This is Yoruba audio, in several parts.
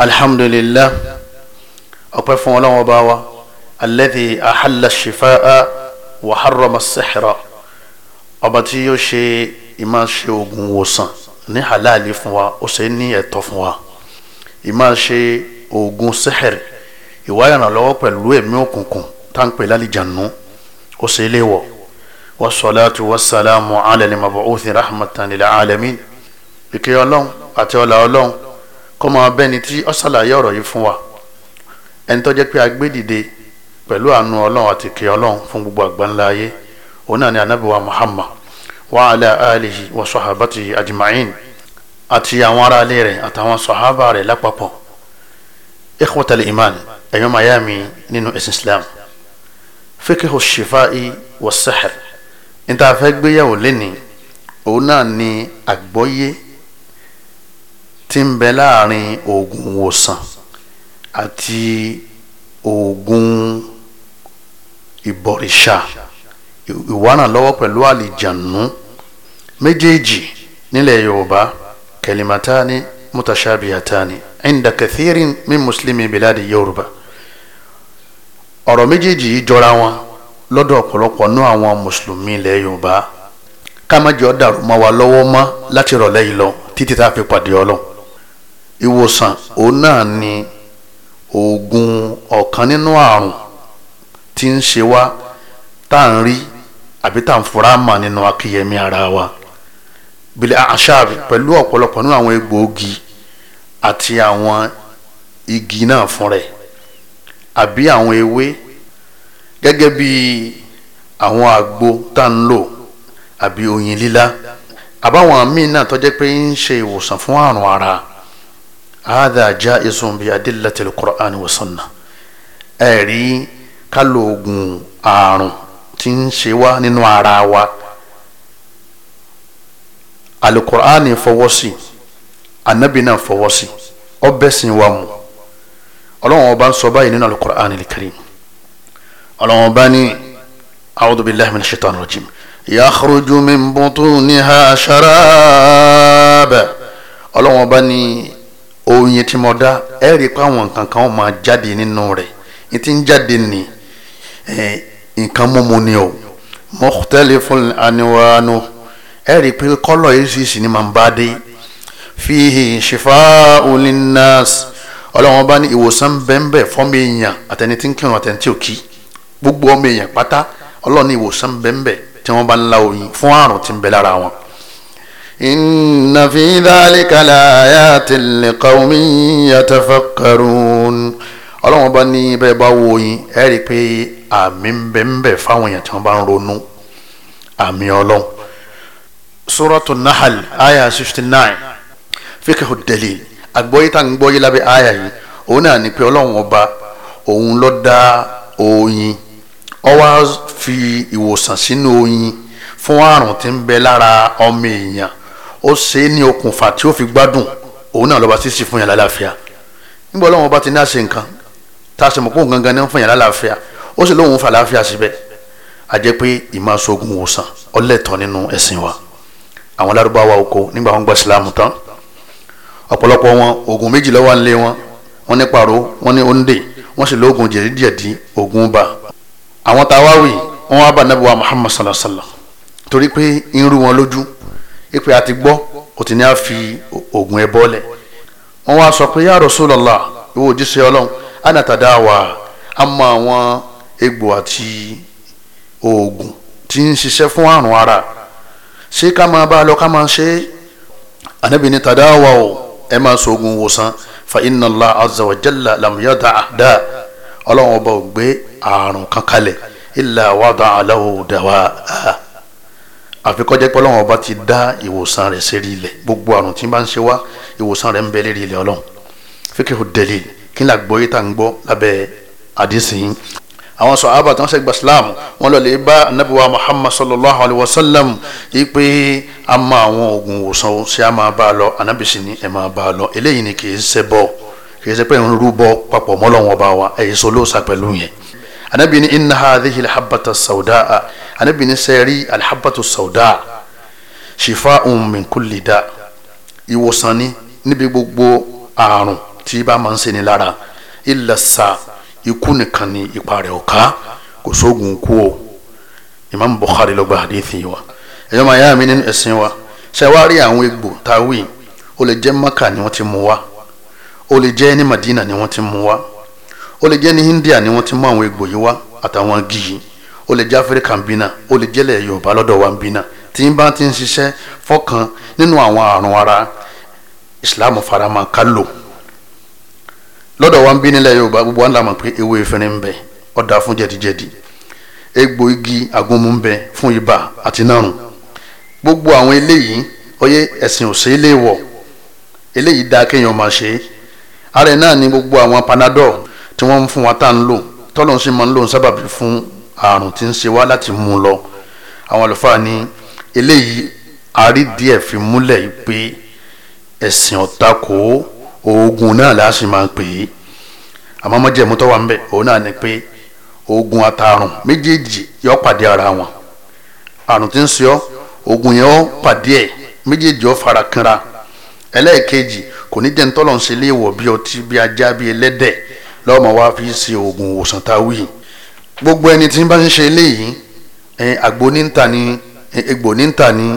alhamdulillah ọpẹ́ fún Ọlọ́run ọba wa alladhi ahalla shifa'a wa harrama as-sihra ọba tí yóò ṣe ìmá ṣe oògùn wòsàn ní halali fún wa ó ṣe ní ẹ̀tọ́ fún wa ìmá ṣe oògùn sihir ìwà ìrànlọ́wọ́ pẹ̀lú ẹ̀mí òkùnkùn táǹpẹ̀ lálìjànú ó ṣe léwọ̀ wasalaatu wasalaamu ala al-mab'uuthi rahmatan lil alamin ìkẹ́ ọlọ́run àti ọlá ọlọ́run kọ́mọ abẹ́ni tí ó ṣàlàyé ọ̀rọ̀ yìí fún wa ẹni tó jẹ́ pé agbẹ́dìde pẹ̀lú àánú ọlọ́run àti kẹ́ ọlọ́run fún gbogbo àgbáńlá ayé òun náà ni anabi wa muhammad wa ala alihi wa sahabati ajma'in àti àwọn ará ilé rẹ̀ àtàwọn sahaba rẹ̀ lápapọ̀ ikhwatal iman ẹ̀yọ́ mayami nínú ẹ̀sìn islam fikihu shifai wa sahar níta gbéyàwó lẹ́ni òun náà ni àgbọ́yé tí ń bẹ láàrin oògùn ìwòsàn àti oògùn ìbọ̀rìṣà ìwárànlọ́wọ́ pẹ̀lú àlìjànú méjèèjì nílẹ̀ yorùbá kẹlìmátání mutashabiyatani inda kathirin min muslimi biladi yorùbá ọ̀rọ̀ méjèèjì yìí jọra wọn lọ́dọ̀ ọ̀pọ̀lọpọ̀ nú àwọn mùsùlùmí ilẹ̀ yorùbá ká má jọ dàrú mọ́ wa lọ́wọ́ mọ́ láti rọ̀lẹ́ yìí lọ títí tá a fi pàdé ọlọ́run ìwòsàn òun náà ni oògùn ọ̀kan nínú àrùn tí ń ṣe wá tá à ń rí àbí tá à ń fura mà nínú akíyẹmí ara wa bílẹ̀ àṣàb pẹ̀lú ọ̀pọ̀lọpọ̀ nínú àwọn egbòogi àti àwọn igi náà fún rẹ̀ àbí àwọn ewé gẹ́gẹ́ bí àwọn àgbo tá à ń lò àbí oyin lílá àbáwọn míì náà tó pé ń ṣe ìwòsàn fún àrùn ara hadha jaizun bi adillati al-Qur'an wa sunna ẹ̀rí kálò oògùn àrùn tí ń ṣe wá nínú ara wa alukur'ani fọwọ́ sí anabi náà fọwọ́ sí ọbẹ̀ sìn wa mu ọlọ́run ọba ń sọ báyìí nínú alukur'ani al-karim ọlọ́run ní a'udhu billahi minash shaitani rajim yakhruju min butuniha sharab ọlọ́run ọba ní oyin tí mo dá ẹ rí i pé àwọn nǹkan kan máa jáde nínú rẹ̀ ní ti ń jáde ní nǹkan mímu ni o mukhtalifun anwanu ẹ rí i pé kọ́lọ̀ oríṣiríṣi ni màá bá dé fihi shifa'u linnas ọlọ́wọ́n bá ní ìwòsàn bẹ́ẹ̀nbẹ́ẹ̀ fọ́mọ èèyàn àtẹni tí ń kírun àtẹni tí ò kí gbogbo ọmọ èèyàn pátá ọlọ́ọ̀ ní ìwòsàn bẹ́ẹ̀nbẹ́ẹ̀ tí wọ́n bá ń la oyin fún àrùn tí ń bẹ lára wọn إن في ذلك لآيات لقوم يتفكرون ọlọ́run bá ní bẹ́ẹ̀ bá wo yín ẹ rí i pé àmì ń bẹ ń bẹ fáwọn èèyàn tí wọ́n bá ń ronú àmì ọlọ́run suratu nahal aya sixty nine fíkẹ́hù dalil àgbọ́yé tá à ń gbọ́yé lábẹ́ aya yìí òun náà ní pé ọlọ́run ọba òun ló dá oyin ó fi ìwòsàn sínú oyin fún àrùn tí ń bẹ lára ọmọ èèyàn ó ṣe é ní okùnfà tí ó fi gbádùn òun náà lọ́ba sísì fún yàn lálàáfíà nígbà ọlọ́run ọba ti ní àṣẹ nǹkan tá a ṣe mọ̀ pé òun gangan ní fún yàn lálàáfíà ó sì lóun fà láàfíà síbẹ̀ a jẹ́ pé ìmọ̀ aṣogun wòsàn ọlẹ́tọ̀ nínú ẹ̀sìn wa àwọn lárúbáwá oko nígbà wọn gba ìsìlámù tán ọ̀pọ̀lọpọ̀ wọn oògùn méjì ló wà wọn wọn ní paro wọn ní ondè wọn sì lóògùn jẹ̀díjẹ̀dí oògùn bá àwọn táwa wì wọn wá bá nàbẹ̀wá Muhammad sallallahu alaihi wasallam torí pé irú wọn lójú ìpè àti gbọ́ ó ti ní a fi oògùn ẹ bọ́lẹ̀ wọ́n wá sọ pé ya Rasulullah ìwọ òjíṣẹ́ ọlọ́run anatadawa a mọ àwọn egbò àti oògùn tí ń ṣiṣẹ́ fún àrùn ara ṣé ká máa bá a lọ ká máa ṣe é ànábì ní tadawa o ẹ máa ṣoògùn wòsàn fa inna Allah azza ọlọ́run ọba ò gbé àrùn kankalẹ̀ illa wada'a lahu dawa'a àfi kó jẹ́ pé ọlọ́run ọba ti dá ìwòsàn rẹ̀ sérí ilẹ̀ gbogbo àrùn tí n bá ń ṣe wá ìwòsàn rẹ̀ ń bẹ lérí ilẹ̀ ọlọ́run fíkì ó délé kí n là gbọ́ yìí tá n gbọ́ lábẹ́ àdìsí yín. àwọn sàhábà tí wọ́n ṣe gba Islam wọ́n lọ lè bá Ànábì wa Muhammad sallallahu alayhi wa sallam yìí pé a máa àwọn oògùn ìwòsàn ṣé a máa bá a lọ Ànábì sì ni ẹ máa bá a lọ eléyìí ni kì ṣe bọ́ kì ṣe pé ń rúbọ papọ̀ mọ́ ọba wa ẹ̀yìn solóòsà pẹ̀lú yẹn Ànábì ni inna hadhihi al-habbata as-sawda'a anabi ní sẹ́ẹ̀rí alihabatu sauda shifa min kulli da ìwòsàn ni níbi gbogbo àrùn tí bá máa ń ṣeni lára illa sa ikú nìkan ni ipa rẹ̀ ọ̀ka kò sóògùn kú o imam bukhari ló gba hadithi wa ẹ̀yọ́ máa yá mi nínú ẹ̀sìn wa ṣe wá rí àwọn egbò táwí ó lè jẹ́ maka ni wọ́n ti mú wa ó lè jẹ́ ní madina ni wọ́n ti mú wa ó lè jẹ́ ní india ni wọ́n ti mú àwọn egbò yìí wá àtàwọn igi ó lè jẹ́ áfíríkà ń bínà ó lè jẹ́lẹ̀ yorùbá lọ́dọ̀ wa ń bínà tí n bá ti ń ṣiṣẹ́ fọ́kàn nínú àwọn àrùn ara islam farama ká lò lọ́dọ̀ wa ń bí nílẹ̀ yorùbá gbogbo wọn làmọ̀ pé ewé efinrin ń bẹ ọ̀dà fún jẹ̀díjẹ̀dí egbò igi agunmu ń bẹ fún ibà àti nárùn gbogbo àwọn eléyìí oyè ẹ̀sìn ò sí ilé wọ̀ eléyìí dáa kéèyàn máa ṣe é ara ẹ̀ náà ni gbogbo àwọn panadol tí wọ́n ń fún wa tá à ń lò tọ́lọ́ ń sì máa ń lò ń sábàbí fún àrùn tí ń ṣe wá láti mú un lọ àwọn àlùfáà ní eléyìí àrídìí ẹ̀ fi múlẹ̀ pé ẹ̀sìn ọ̀tako oògùn náà láti máa pè é àmọ́ mọ́jẹ̀mú tó wà ń bẹ̀ òun náà ni pé oògùn àtàrùn méjèèjì yọ pàdé ara wọn àrùn tí ń ṣe ọ́ oògùn yẹn ó pàdé ẹ̀ méjèèjì ó fara kanra ẹlẹ́ẹ̀kejì kò ní jẹ́ ń ń ṣe léèwọ̀ bí ọtí bí ajá bí ẹlẹ́dẹ̀ lọ́mọ wa fi ṣe oògùn òsàn táwíì gbogbo ẹni tí ń bá ń ṣe eléyìí àgbo ní ń tà ní egbò ní ń tà ní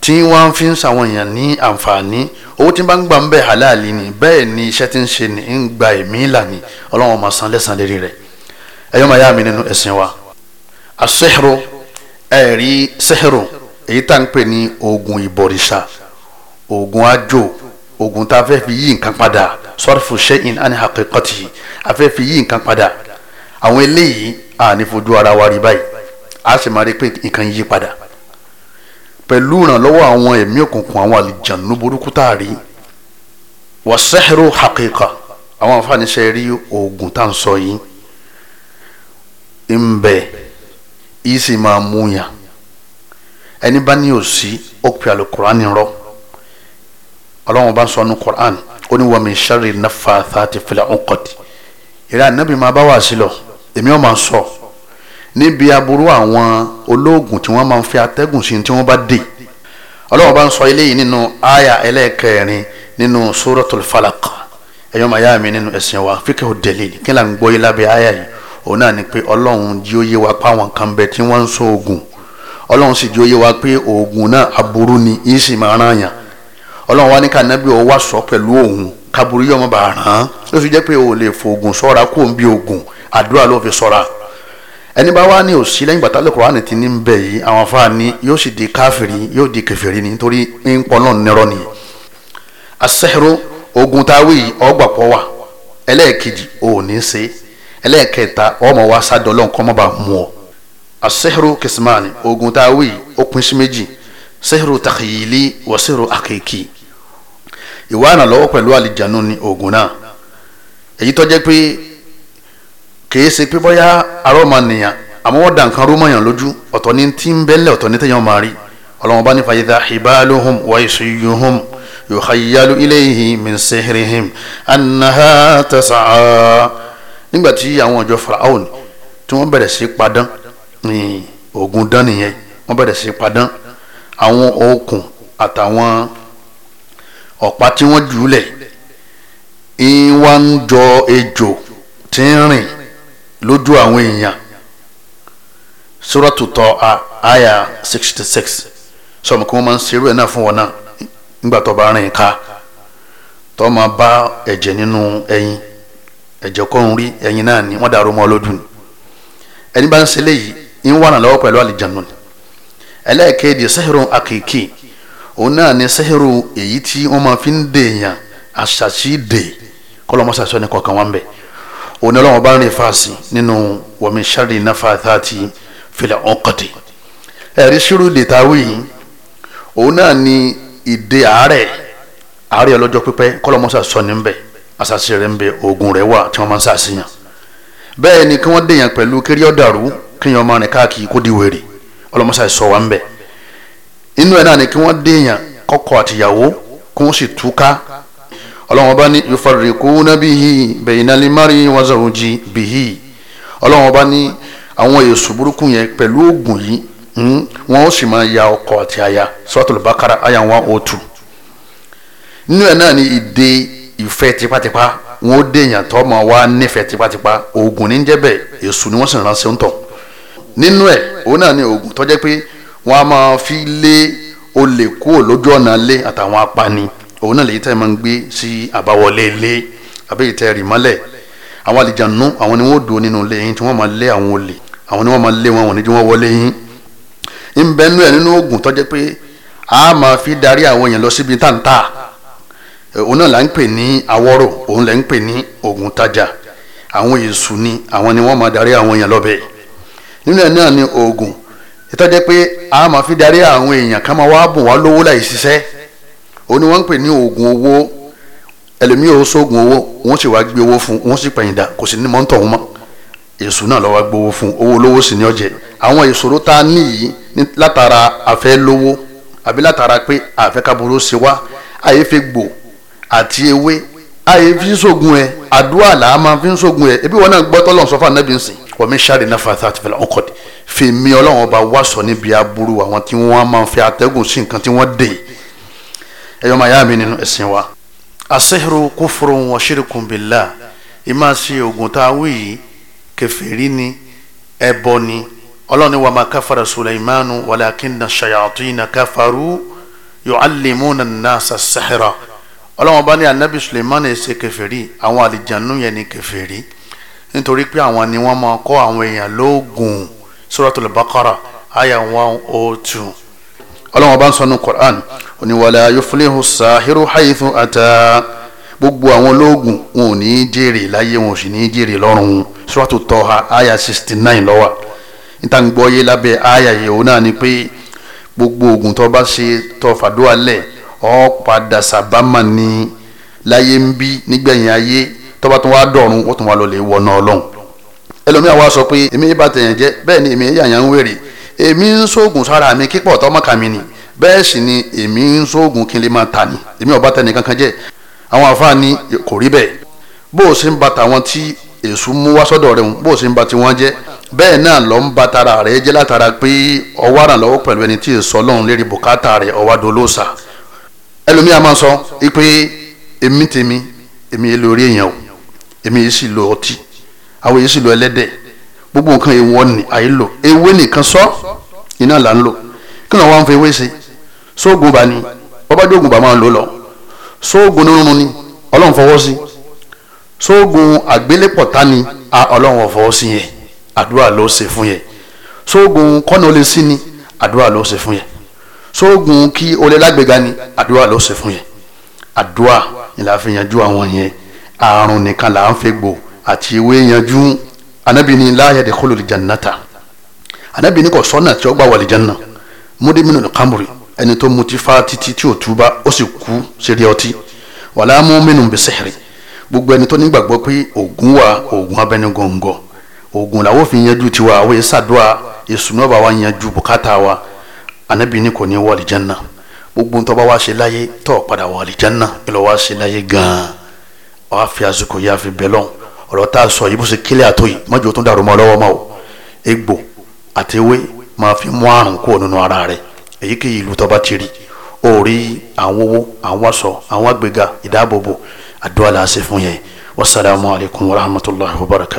tí wọ́n fi ń ṣàwọn èèyàn ní àǹfààní owó tí bá ń gbà ń bẹ̀ halali ni bẹ́ẹ̀ ni iṣẹ́ tí ń ṣe ní ń gba ẹ̀mí ìlà ni ọlọ́run máa san lẹ́san lérí rẹ̀ ẹ̀yọ́ màá yá mi nínú ẹ̀sìn wa asẹ́hìrò ẹ̀rí sẹ́hìrò èyí tá ń pè ní oògùn ìbọ̀rìṣà oògùn àjò oògùn tá a fẹ́ fi yí nǹkan padà sọ́ọ́fù ṣẹ́yìn àni a fẹ́ fi yí nǹkan padà àwọn eléyìí à ní fojú ara wa rí báyìí a sì máa rí pé nǹkan yí padà pẹ̀lú ìrànlọ́wọ́ àwọn ẹ̀mí òkùnkùn àwọn àlìjànú burúkú tá a rí wà sẹ́hẹ́rù hakika àwọn àǹfààní ṣe rí oògùn tá à ń sọ yìí ń bẹ yìí sì máa mú yàn ẹni bá ní òsì ó pe àlùkùránì rọ ọlọ́run bá ń sọ ní kùránì ó ní wa min sharri nafathati fil uqad ìrẹ́ ànábì máa bá wà sí lọ èmi ọ̀ máa sọ níbi aburú àwọn olóògùn tí wọ́n máa ń fi atẹ́gùn sí tí wọ́n bá dè ọlọ́run bá ń sọ eléyìí nínú àyà ẹlẹ́ẹ̀kẹrin nínú suratul falaq ẹ̀yọ́ màá yá mi nínú ẹ̀sìn wa fíkẹ́hù dẹ̀lẹ́lì kí là ń gbọ́ yé lábẹ́ àyà yìí òun náà ni pé ọlọ́run jí ó yé wa pa àwọn kan bẹ tí wọ́n ń so oògùn ọlọ́run sì jí ó yé wa pé oògùn náà aburú ni yìí sì máa ràn yàn ọlọ́run wa ní ká nábì ó wá sọ pẹ̀lú òun kaburú yọmọ bàa ràn án ló jẹ́ pé o lè fògùn sọ́ra kó ń bí oògùn àdúrà ló fi sọ́ra ẹni bá wá ní òsì lẹ́yìn gbàtà lẹ́kọ̀ọ́ àná ti ní bẹ̀ yìí àwọn yóò di káfìrí yóò di kẹfìrí ni nítorí ń pọn náà ogun táwí ọgbàpọ̀ wà ẹlẹ́ẹ̀kejì ò ṣe ẹlẹ́ẹ̀kẹta ọmọ wa mọ́ba mú ọ asẹ́rò kìsìmáàni ogun táwí ó sí méjì sẹ́rò takìyìlì wà sẹ́rò akeki. ìwà ànàlọ́wọ́ pẹ̀lú àlìjánu ni ogun kìí ṣe pé bóyá arọ́ máa nìyàn àmọ́ wọ́n dà nǹkan rúmọ̀yàn lójú ọ̀tọ̀ ní ti ń bẹ́lẹ̀ ọ̀tọ̀ ní tẹ̀yàn máa rí ọlọ́wọ́n bá ní fàyídà hibaluhum wa isiyuhum yukhayyalu ilayhi min sihrihim annaha tas'a nígbà tí àwọn ọjọ́ faraon tí wọ́n bẹ̀rẹ̀ sí padán ní ogun dán nìyẹn wọ́n bẹ̀rẹ̀ sí padán àwọn okùn àtàwọn ọ̀pá tí wọ́n jùlẹ̀ ìwà ń jọ ejò tí ń rìn lójú àwọn èèyàn suratu Taha àyà sixty six sọmọ kí wọ́n máa ń ṣerú ẹ̀ náà fún wọn náà nígbà tó bá rìn ká tó máa bá ẹ̀jẹ̀ nínú ẹyin ẹ̀jẹ̀ kọ́ ń rí ẹyin náà ni wọ́n dàrú mọ́ lójú ni ẹni bá ń ṣe léyìí ń wà lọ́wọ́ pẹ̀lú òun náà lọ́wọ́n bá rìn fáàsì nínú wọ̀mí sáré náfà àti fìlà ọ̀kọ̀dé ẹ̀rí sírù dètàwí òun náà ni ìdè àárẹ̀ àárẹ̀ ọlọ́jọ́ pípẹ́ kọ́lọ́mọ́sà sọ ní bẹ́ẹ̀ àṣàṣe rẹ̀ ń bẹ oògùn rẹ̀ wà tí wọ́n máa ń ṣàṣeyàn bẹ́ẹ̀ ni kí wọ́n dèèyàn pẹ̀lú kéré ọ̀dàrú kéèyàn máa rìn káàkiri kó di wèrè ọlọ́mọṣà sọ wá ń bẹ inú ẹ̀ náà ni kí wọ́n dèèyàn kọ́kọ́ àtìyàwó kí wọ́n sì túká ọlọ́run bá ní yufarriquna bihi bainal mar'i wa ọlọ́run bá ní àwọn èso burúkú yẹn pẹ̀lú oògùn yìí hmm, wọn ó sì máa ya ọkọ àti aya suratul Baqara aya wọn oh tù nínú ẹ̀ náà ni ìdè ìfẹ́ tipátipá wọn ó tó nífẹ̀ẹ́ ni wọ́n sì ń tọ̀ nínú ẹ̀ òun náà ni oògùn tó jẹ́ pé wọ́n á máa fi lé olè kúrò lójú ọ̀nà òun náà lèyí tẹ́ ẹ máa ń gbé sí àbáwọlé ilé àbẹ́yìí tẹ́ ẹ rì mọ́lẹ̀ àwọn àlìjànú àwọn ni wọ́n dùn nínú ilé yín tí wọ́n máa lé àwọn olè àwọn ni wọ́n máa lé wọn wọ̀n ní tí wọ́n wọlé yín ń bẹ nú ẹ nínú oògùn tó pé a máa fi darí àwọn èèyàn lọ síbi táǹtà òun náà là ń pè ní awọ́rò òun là ń pè ní oògùn tajà àwọn èṣù ni àwọn ni wọ́n máa darí àwọn èèyàn lọ́bẹ̀ nínú ẹ náà ni oògùn ìtọ́jẹ́ pé a máa fi darí àwọn èèyàn ká máa wá bùn wá lówó láì ṣiṣẹ́ ó ní wọ́n ń pè ní oògùn owó ẹlòmíì ó sóògùn owó wọ́n sì wáá gbé owó fún wọ́n sì pẹ̀yìndà kò sí ní mọ́tò wọn mọ́ èṣù náà lọ́wọ́ gbowó fún owó olówó sì ní ọ̀jẹ̀ àwọn ìṣòro tá a níyì látara àfẹ́ lówó àbí látara pé àfẹ́ káboro ṣe wá àyè fi gbò àti ewé àyè fi ń ẹ àdúrà là máa fi ń ẹ ebi wọn náà gbọ́ tọ́lọ̀ sọ́fà nẹ́bí nsìn wọ́n mi náà fàtà àti fẹlẹ̀ ọkọ̀ fi mi ọlọ́run ọba wá sọ níbi aburú àwọn tí wọ́n máa fi àtẹ́gùn sí nǹkan tí wọ́n dè ẹ̀yọ́ máa yá mi nínú ẹ̀sìn wa asehru kufurun wa shirkun billah ìmá ṣe oògùn tá a wí yìí kèfèrí ni ẹbọ ni ọlọ́ni wa ma káfàrà sulaimanu walakinna shayatina kafaru yuallimuna nasa sahra ọlọ́wọ́n bá ní anabi suleiman ẹ̀ ṣe kèfèrí àwọn àlìjánu yẹn ni kèfèrí nítorí pé àwọn ni wọ́n máa kọ́ àwọn èèyàn lóògùn suratul baqara aya one oh two ọlọ́run ọba ń sọ nu Qur'an oníwàlẹ̀ ayọ́fúnléhùn sàhírù haythu ata gbogbo àwọn ológun wọn ò ní í jèrè láyé wọn ò sì ní í jèrè lọ́run suratu Taha aya sixty nine lọ́wọ́ níta ń gbọ́ yé lábẹ́ aya yìí òun náà ni pé gbogbo ogun tó bá ṣe tó fàdúrà lẹ̀ ọ́ padà sábàmà ní láyé ń bí nígbẹ̀yìn ayé tó bá tún wá dọ̀run ó tún wá lọ lè wọ̀nà ọlọ́run ẹlòmíà wá sọ pé èmi yìí bá tẹ̀yàn jẹ́ bẹ́ẹ̀ ni èmi yìí yàyàn ń wèrè èmi ń sóògùn sára mi kíkọ̀ tọ́mọ́ka mi ni bẹ́ẹ̀ sì ni èmi ń sóògùn kí n lè máa tà ní èmi ò bá tẹnì kankan jẹ́ àwọn àfáà ni kò rí bẹ́ẹ̀ bó o ṣe ń ba tàwọn tí èṣù mú wá sọ́dọ̀ rẹ̀ bó o ṣe ń ba tiwọn jẹ́ bẹ́ẹ̀ náà lọ ń ba tara rẹ̀ jẹ́ látara pé ọwọ́ àrànlọ́wọ́ pẹ̀lú ẹni tí èso ọlọ́run lérí bùkátà rẹ̀ ọwọ́ dolóòsà ẹlòmíà máa sọ pé èmi tèmi èmi èlò orí èèyàn o èmi yìí sì ọtí àwọn yìí sì ẹlẹ́dẹ̀ẹ́ gbogbo nǹkan èèwọ̀ ni àyè lò ewé nìkan sọ iná là ń lò kí ló wá ń fi ewé ṣe sóògùn bá ní bọ́bájú ògùn bá máa lò lọ sóògùn nínú ni ọlọ́run fọwọ́ sí sóògùn àgbélépọ̀tá ni ọlọ́run fọwọ́ sí yẹn àdúrà ló ṣe fún yẹn sóògùn kọ́nà ó lè sí ni àdúrà ló ṣe fún yẹn sóògùn kí ó lè ni àdúrà ló ṣe fún yẹn àdúrà ni la fi yanjú àwọn yẹn àrùn nìkan là ń fi gbò àti ìwé yanjú anabi ni la yadkhulu aljannata anabi ni kò sọ́nà tí ó gbà wọlé janna mudiminu kamuri ẹni tó mutí fa títí tí ò túbá ó sì kú ṣeré ọtí wala mu'minun bisihri gbogbo ẹni tó nígbàgbọ́ pé ògùn wa ògùn abẹnugọ̀ngọ̀ ògùn làwọn fi yanjú tiwa àwọn ìsàdúrà ìsúná bá wa yanjú bùkátà wa anabi ni kò ní wọlé janna gbogbo ń tó bá wá ṣe padà wọlé janna ìlọ wá ṣe láyé gan-an wàá fi àsìkò yá ọ̀rọ̀ tá a sọ yìí bó ṣe kílẹ̀ àtó yìí mọ́jọ́ tó ń dàrú mọ́ lọ́wọ́ mọ́ o egbò àti ewé máa fi mú àrùn kúrò nínú ara rẹ̀ èyíkéyìí ìlú tó bá ti rí o rí àwọn owó àwọn aṣọ àwọn àgbéga ìdáàbòbò àdúrà làásì fún yẹn wasalaamualeykum wa rahmatulahi wa barakatu.